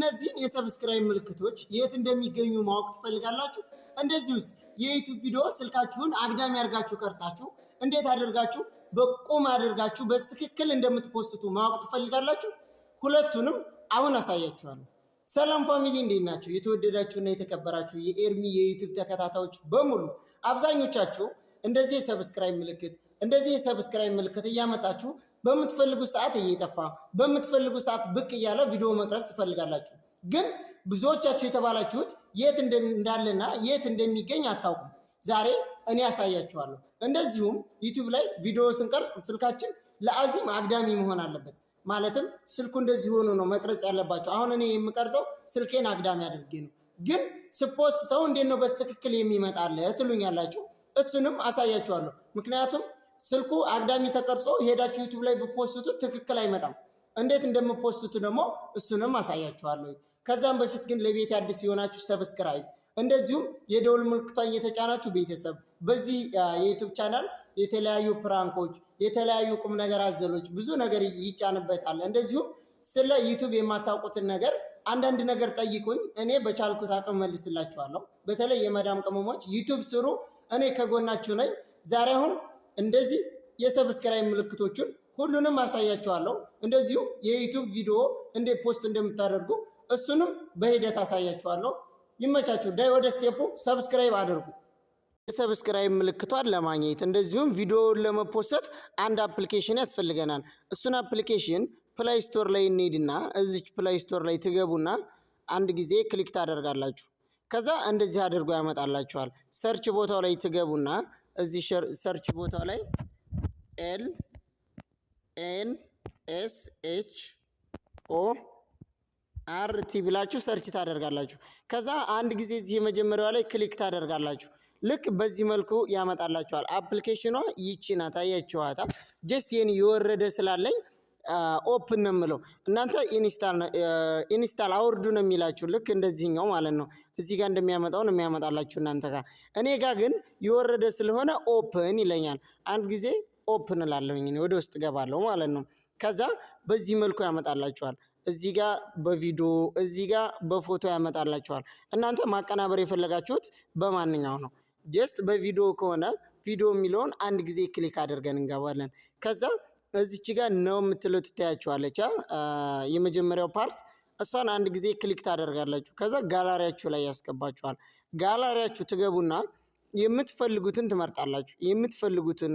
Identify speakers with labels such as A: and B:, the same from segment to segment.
A: እነዚህን የሰብስክራይብ ምልክቶች የት እንደሚገኙ ማወቅ ትፈልጋላችሁ? እንደዚሁስ የዩቱብ ቪዲዮ ስልካችሁን አግዳሚ አድርጋችሁ ቀርጻችሁ እንዴት አድርጋችሁ በቁም አድርጋችሁ በትክክል እንደምትፖስቱ ማወቅ ትፈልጋላችሁ? ሁለቱንም አሁን አሳያችኋለሁ። ሰላም ፋሚሊ እንዴት ናቸው? የተወደዳችሁና የተከበራችሁ የኤርሚ የዩቱብ ተከታታዮች በሙሉ አብዛኞቻችሁ እንደዚህ የሰብስክራይብ ምልክት እንደዚህ የሰብስክራይብ ምልክት እያመጣችሁ በምትፈልጉ ሰዓት እየጠፋ በምትፈልጉ ሰዓት ብቅ እያለ ቪዲዮ መቅረጽ ትፈልጋላችሁ። ግን ብዙዎቻችሁ የተባላችሁት የት እንዳለና የት እንደሚገኝ አታውቁም። ዛሬ እኔ ያሳያችኋለሁ። እንደዚሁም ዩቱብ ላይ ቪዲዮ ስንቀርጽ ስልካችን ለአዚም አግዳሚ መሆን አለበት። ማለትም ስልኩ እንደዚህ ሆኖ ነው መቅረጽ ያለባቸው። አሁን እኔ የምቀርጸው ስልኬን አግዳሚ አድርጌ ነው። ግን ስፖስተው እንዴት ነው በስትክክል የሚመጣለ ትሉኛላችሁ። እሱንም አሳያችኋለሁ። ምክንያቱም ስልኩ አግዳሚ ተቀርጾ ሄዳችሁ ዩቱብ ላይ ብፖስቱ ትክክል አይመጣም። እንዴት እንደምፖስቱ ደግሞ እሱንም አሳያችኋለሁ። ከዛም በፊት ግን ለቤት አዲስ የሆናችሁ ሰብስክራይብ፣ እንደዚሁም የደውል ምልክቷን እየተጫናችሁ ቤተሰብ በዚህ የዩቱብ ቻናል የተለያዩ ፕራንኮች፣ የተለያዩ ቁም ነገር አዘሎች ብዙ ነገር ይጫንበታል። እንደዚሁም ስለ ዩቱብ የማታውቁትን ነገር አንዳንድ ነገር ጠይቁኝ፣ እኔ በቻልኩት አቅም መልስላችኋለሁ። በተለይ የመዳም ቅመሞች ዩቱብ ስሩ፣ እኔ ከጎናችሁ ነኝ። ዛሬ አሁን እንደዚህ የሰብስክራይብ ምልክቶችን ሁሉንም አሳያችኋለሁ። እንደዚሁ የዩቱብ ቪዲዮ እንዴት ፖስት እንደምታደርጉ እሱንም በሂደት አሳያችኋለሁ። ይመቻችሁ። ዳይ ወደ ስቴፑ ሰብስክራይብ አድርጉ። የሰብስክራይብ ምልክቷን ለማግኘት እንደዚሁም ቪዲዮውን ለመፖሰት አንድ አፕሊኬሽን ያስፈልገናል። እሱን አፕሊኬሽን ፕላይ ስቶር ላይ እንሄድና እዚች ፕላይ ስቶር ላይ ትገቡና አንድ ጊዜ ክሊክ ታደርጋላችሁ። ከዛ እንደዚህ አድርጎ ያመጣላችኋል። ሰርች ቦታው ላይ ትገቡና እዚህ ሰርች ቦታ ላይ ኤል ኤን ኤስ ኤች ኦ ቲ ብላችሁ ሰርች ታደርጋላችሁ። ከዛ አንድ ጊዜ እዚህ የመጀመሪያው ላይ ክሊክ ታደርጋላችሁ። ልክ በዚህ መልኩ ያመጣላችኋል። አፕሊኬሽኗ ይቺ ናት። አያችኋታ ጀስት ይህን የወረደ ስላለኝ ኦፕን ነው የምለው። እናንተ ኢንስታል አውርዱ ነው የሚላችሁ። ልክ እንደዚህኛው ማለት ነው። እዚህ ጋር እንደሚያመጣው ነው የሚያመጣላችሁ እናንተ ጋር። እኔ ጋር ግን የወረደ ስለሆነ ኦፕን ይለኛል። አንድ ጊዜ ኦፕን እላለሁኝ ወደ ውስጥ ገባለሁ ማለት ነው። ከዛ በዚህ መልኩ ያመጣላችኋል። እዚህ ጋር በቪዲዮ እዚህ ጋር በፎቶ ያመጣላችኋል። እናንተ ማቀናበር የፈለጋችሁት በማንኛው ነው። ጀስት በቪዲዮ ከሆነ ቪዲዮ የሚለውን አንድ ጊዜ ክሊክ አድርገን እንገባለን ከዛ እዚች ጋር ነው የምትለው ትታያችኋለች። የመጀመሪያው ፓርት እሷን አንድ ጊዜ ክሊክ ታደርጋላችሁ። ከዛ ጋላሪያችሁ ላይ ያስገባችኋል። ጋላሪያችሁ ትገቡና የምትፈልጉትን ትመርጣላችሁ። የምትፈልጉትን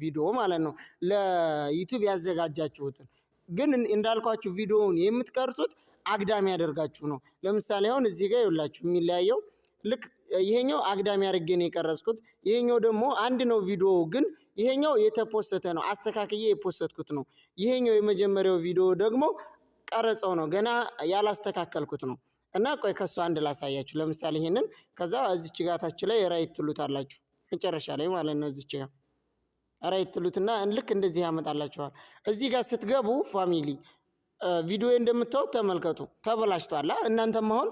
A: ቪዲዮ ማለት ነው፣ ለዩቱብ ያዘጋጃችሁትን። ግን እንዳልኳችሁ ቪዲዮውን የምትቀርጹት አግዳሚ ያደርጋችሁ ነው። ለምሳሌ አሁን እዚህ ጋር ይውላችሁ የሚለያየው ልክ ይሄኛው አግዳሚ አድርጌ ነው የቀረጽኩት። ይሄኛው ደግሞ አንድ ነው ቪዲዮው፣ ግን ይሄኛው የተፖሰተ ነው አስተካክዬ የፖሰትኩት ነው። ይሄኛው የመጀመሪያው ቪዲዮ ደግሞ ቀረጸው ነው ገና ያላስተካከልኩት ነው። እና ቆይ ከሱ አንድ ላሳያችሁ። ለምሳሌ ይሄንን ከዛ እዚች ጋ ላይ ራይት ትሉታላችሁ መጨረሻ ላይ ማለት ነው። እዚች ጋ ራይት ትሉትና ልክ እንደዚህ ያመጣላችኋል። እዚህ ጋር ስትገቡ ፋሚሊ ቪዲዮ እንደምታዩት ተመልከቱ። ተበላሽቷላ። እናንተም አሁን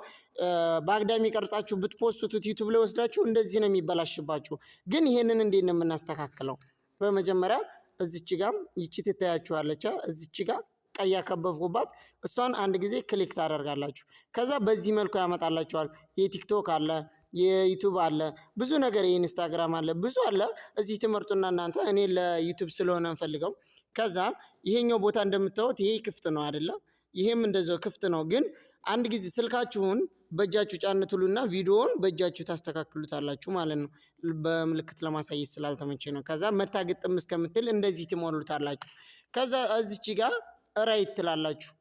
A: በአግዳሚ ቀርጻችሁ ብትፖስቱት ዩቱብ ላይ ወስዳችሁ እንደዚህ ነው የሚበላሽባችሁ። ግን ይሄንን እንዴት ነው የምናስተካክለው? በመጀመሪያ እዚች ጋም ይቺ ትታያችኋለች። እዚች ጋ ቀይ ያከበብኩባት እሷን አንድ ጊዜ ክሊክ ታደርጋላችሁ። ከዛ በዚህ መልኩ ያመጣላችኋል። የቲክቶክ አለ የዩቱብ አለ ብዙ ነገር የኢንስታግራም አለ ብዙ አለ። እዚህ ትምህርቱና እናንተ እኔ ለዩቱብ ስለሆነ እንፈልገው። ከዛ ይሄኛው ቦታ እንደምታዩት ይሄ ክፍት ነው አይደለ? ይሄም እንደዚያው ክፍት ነው። ግን አንድ ጊዜ ስልካችሁን በእጃችሁ ጫን ትሉና ቪዲዮውን በእጃችሁ ታስተካክሉታላችሁ ማለት ነው። በምልክት ለማሳየት ስላልተመቼ ነው። ከዛ መታገጥም እስከምትል እንደዚህ ትሞሉታላችሁ። ከዛ እዚች ጋር ራይት ትላላችሁ።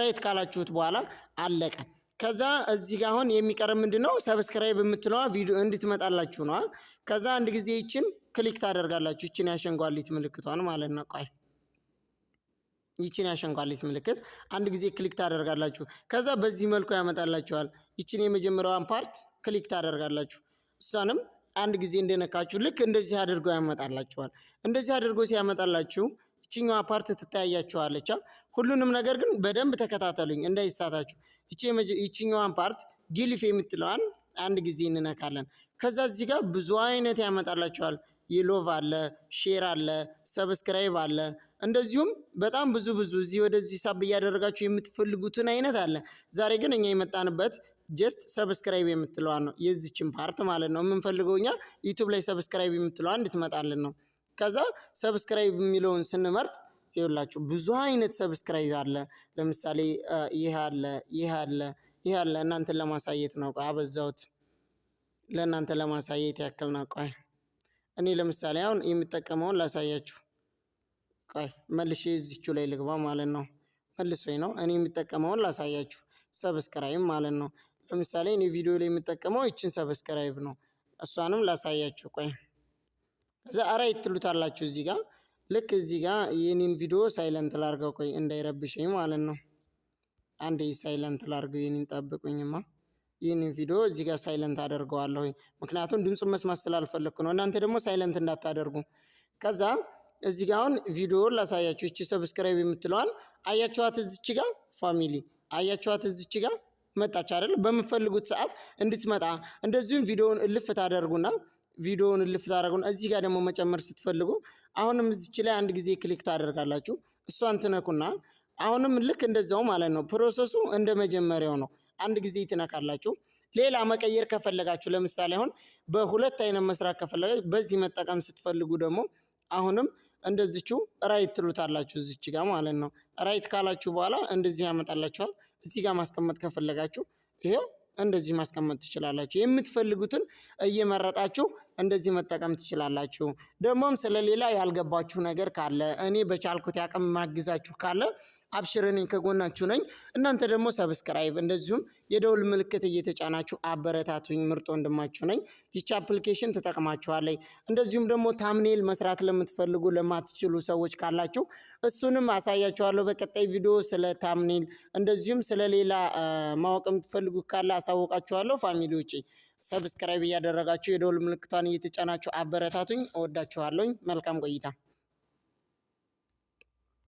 A: ራይት ካላችሁት በኋላ አለቀ። ከዛ እዚህ ጋር አሁን የሚቀርብ ምንድነው ሰብስክራይብ የምትለዋ ቪዲዮ እንድትመጣላችሁ ነዋ። ከዛ አንድ ጊዜ ይችን ክሊክ ታደርጋላችሁ። ይችን ያሸንጓሊት ምልክቷን ማለት ነው። ቆይ ይችን ያሸንኳለች ምልክት አንድ ጊዜ ክሊክ ታደርጋላችሁ። ከዛ በዚህ መልኩ ያመጣላችኋል። ይችን የመጀመሪያዋን ፓርት ክሊክ ታደርጋላችሁ። እሷንም አንድ ጊዜ እንደነካችሁ ልክ እንደዚህ አድርጎ ያመጣላችኋል። እንደዚህ አድርጎ ሲያመጣላችሁ ይችኛዋ ፓርት ትታያችኋለች። ሁሉንም ነገር ግን በደንብ ተከታተሉኝ እንዳይሳታችሁ። ይችኛዋን ፓርት ዲሊፍ የምትለዋን አንድ ጊዜ እንነካለን። ከዛ እዚህ ጋር ብዙ አይነት ያመጣላችኋል። ይሎቭ አለ፣ ሼር አለ፣ ሰብስክራይብ አለ እንደዚሁም በጣም ብዙ ብዙ እዚህ ወደዚህ ሳብ እያደረጋችሁ የምትፈልጉትን አይነት አለ። ዛሬ ግን እኛ የመጣንበት ጀስት ሰብስክራይብ የምትለዋን ነው፣ የዚችን ፓርት ማለት ነው የምንፈልገው እኛ ዩቱብ ላይ ሰብስክራይብ የምትለዋ እንድትመጣልን ነው። ከዛ ሰብስክራይብ የሚለውን ስንመርጥ ይኸውላችሁ ብዙ አይነት ሰብስክራይብ አለ። ለምሳሌ ይህ አለ፣ ይህ አለ፣ ይህ አለ። እናንተን ለማሳየት ነው። አበዛውት፣ ለእናንተ ለማሳየት ያክል ነው። ቆይ እኔ ለምሳሌ አሁን የምጠቀመውን ላሳያችሁ። ቆይ መልሼ እዚቹ ላይ ልግባ ማለት ነው። መልሶ ነው እኔ የምጠቀመውን ላሳያችሁ። ሰብስክራይብ ማለት ነው። ለምሳሌ እኔ ቪዲዮ ላይ የምጠቀመው ይችን ሰብስክራይብ ነው። እሷንም ላሳያችሁ። ቆይ ከዛ አራ ይትሉታላችሁ እዚህ ጋር ልክ እዚህ ጋር የኔን ቪዲዮ ሳይለንት ላርገው። ቆይ እንዳይረብሸኝ ማለት ነው። አንዴ ሳይለንት ላርገው። የኔን ጠብቁኝማ። ይህንን ቪዲዮ እዚህ ጋር ሳይለንት አደርገዋለሁ፣ ምክንያቱም ድምፁን መስማት ስላልፈለግኩ ነው። እናንተ ደግሞ ሳይለንት እንዳታደርጉ ከዛ እዚህ ጋ አሁን ቪዲዮውን ላሳያችሁ። እቺ ሰብስክራይብ የምትለዋን አያችኋት? እዚች ጋ ፋሚሊ አያችኋት? እዚች ጋ መጣች አይደል? በምፈልጉት ሰዓት እንድትመጣ እንደዚሁም ቪዲዮውን እልፍ ታደርጉና ቪዲዮውን እልፍ ታደርጉና እዚህ ጋር ደግሞ መጨመር ስትፈልጉ አሁንም እዚች ላይ አንድ ጊዜ ክሊክ ታደርጋላችሁ። እሷን ትነኩና አሁንም ልክ እንደዛው ማለት ነው። ፕሮሰሱ እንደ መጀመሪያው ነው። አንድ ጊዜ ትነካላችሁ። ሌላ መቀየር ከፈለጋችሁ ለምሳሌ አሁን በሁለት አይነት መስራት ከፈለጋችሁ በዚህ መጠቀም ስትፈልጉ ደግሞ አሁንም እንደዚቹ ራይት ትሉታላችሁ እዚች ጋ ማለት ነው። ራይት ካላችሁ በኋላ እንደዚህ ያመጣላችኋል። እዚህ ጋር ማስቀመጥ ከፈለጋችሁ ይሄው እንደዚህ ማስቀመጥ ትችላላችሁ። የምትፈልጉትን እየመረጣችሁ እንደዚህ መጠቀም ትችላላችሁ። ደግሞም ስለሌላ ያልገባችሁ ነገር ካለ እኔ በቻልኩት ያቅም ማግዛችሁ ካለ አብሽረን ከጎናችሁ ነኝ። እናንተ ደግሞ ሰብስክራይብ እንደዚሁም የደውል ምልክት እየተጫናችሁ አበረታቱኝ። ምርጥ ወንድማችሁ ነኝ። ይቺ አፕሊኬሽን ትጠቅማችኋለች። እንደዚሁም ደግሞ ታምኔል መስራት ለምትፈልጉ ለማትችሉ ሰዎች ካላችሁ እሱንም አሳያችኋለሁ በቀጣይ ቪዲዮ። ስለ ታምኔል እንደዚሁም ስለሌላ ማወቅ የምትፈልጉ ካለ አሳውቃችኋለሁ። ፋሚሊዎቼ ሰብስክራይብ እያደረጋችሁ የደውል ምልክቷን እየተጫናችሁ አበረታቱኝ። እወዳችኋለሁኝ። መልካም ቆይታ